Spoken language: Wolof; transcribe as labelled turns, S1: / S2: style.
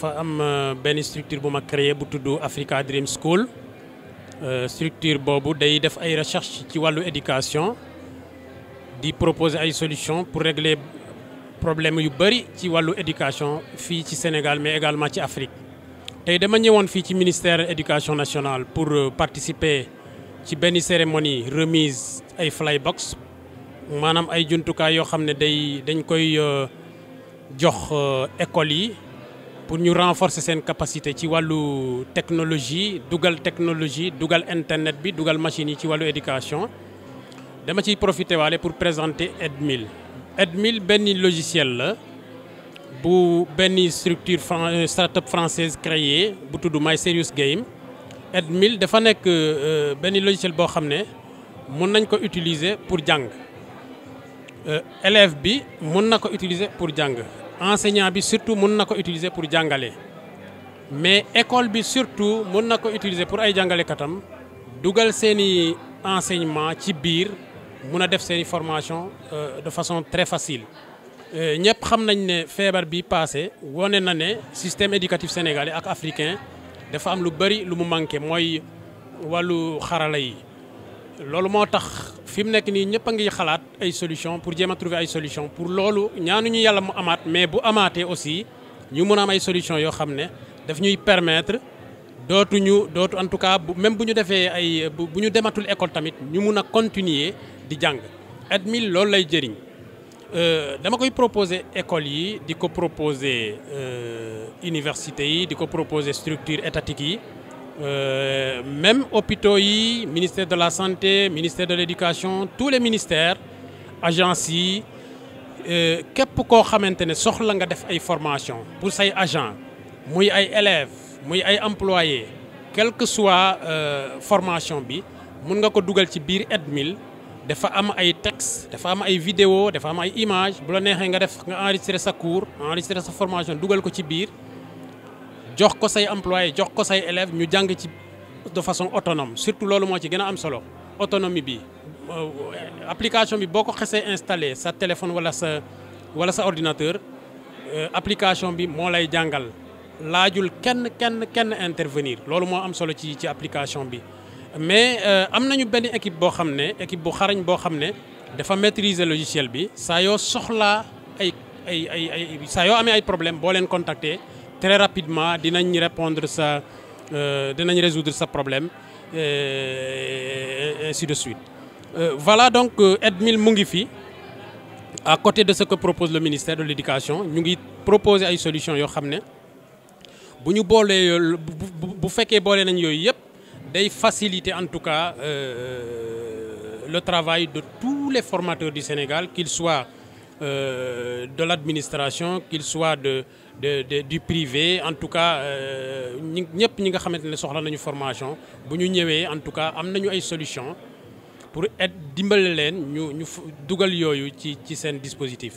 S1: dafa am euh, benn structure bu ma créer bu tudd Africa Dream School euh, structure boobu day def ay recherche ci wàllu éducation di proposer ay solutions pour régler problème yu bëri ci wàllu éducation fii ci Sénégal mais également ci Afrique tey dama ñëwoon fii ci ministère éducation nationale pour euh, participer ci benn cérémonie remise ay fly box maanaam ay jumtukaay yoo xam ne day dañ koy jox école yi pour ñu renforcer seen capacité ci wàllu technologie dugal technologie dugal internet bi dugal machine yi ci wàllu éducation dama ciy profité waale pour présenter Edmil Edmil benn logiciel la bu benn structure fran euh, startup française créée bu tudd My Serious Game Edmil dafa nekk euh, benn logiciel boo xam ne mun nañ ko utiliser pour jàng euh, élève bi mun na ko utiliser pour jàng enseignant bi surtout mun na ko utiliser pour jàngale mais école bi surtout mun na ko utiliser pour ay jàngale katam dugal seeni enseignement ci biir mun a def seeni formation euh, de façon très facile euh, ñëpp xam nañ ne feebar bi passé wone na ne système éducatif sénégalais ak africain dafa am lu bari lu mu manqué mooy wàllu xarala yi loolu moo tax fi mu nekk nii ñëpp a ngi xalaat ay solution pour jéem a trouver ay solution pour loolu ñaanuñu yàlla mu amaat mais bu amaatee aussi ñu mun a am ay solution yoo xam ne daf ñuy permettre dootuñu dootu en tout cas bu même bu ñu defee ay bu ñu dematul école tamit ñu mun a continuer di jàng Edmil loolu lay jëriñ euh, dama koy proposer école yi di ko proposer euh, université yi di ko proposer structure étatique yi Euh, même hôpitaux yi ministère de la santé ministère de l'éducation tous les ministères agences yi euh, képp koo xamante ne soxla nga def ay formation pour say agent muy ay élèves muy ay employés quel que soit euh, formation bi mun nga ko dugal ci biir Edmil dafa am ay texte dafa am ay vidéo dafa am ay image bu la neexee nga def nga enregistrer sa cours enregistrer sa formation dugal ko ci biir jox ko say employé jox ko say élèves ñu jàng ci de façon autonome surtout loolu moo ci gën a am solo autonomie bi euh, application bi boo ko xesee installé sa téléphone wala sa wala sa ordinateur euh, application bi moo lay jàngal laajul kenn kenn kenn intervenir loolu moo am solo ci ci application bi mais euh, am nañu benn équipe boo xam ne équipe bu xarañ boo xam ne dafa maîtriser logiciel bi saa yoo soxlaa ay ay ay ay saa yoo amee ay problème boo leen contacter très rapidement dinañ répondre sa euh, dinañ résoudre sa problème et ainsi de suite euh, voilà donc euh, Edmil mu ngi fi à côté de ce que propose le ministère de l'éducation ñu ngi proposer ay solution yoo xam ne bu ñu boolee bu fekkee boolee nañ yooyu yëpp day faciliter en tout cas le travail de tous les formateurs du Sénégal qu'ils soient euh, de l'administration qu'il soit de de de du privé en tout cas euh, ñi ñëpp ñi nga xamante ne soxla nañu formation bu ñu ñëwee en tout cas am nañu ay solution pour et dimbale leen ñu ñu dugal yooyu ci ci seen dispositif.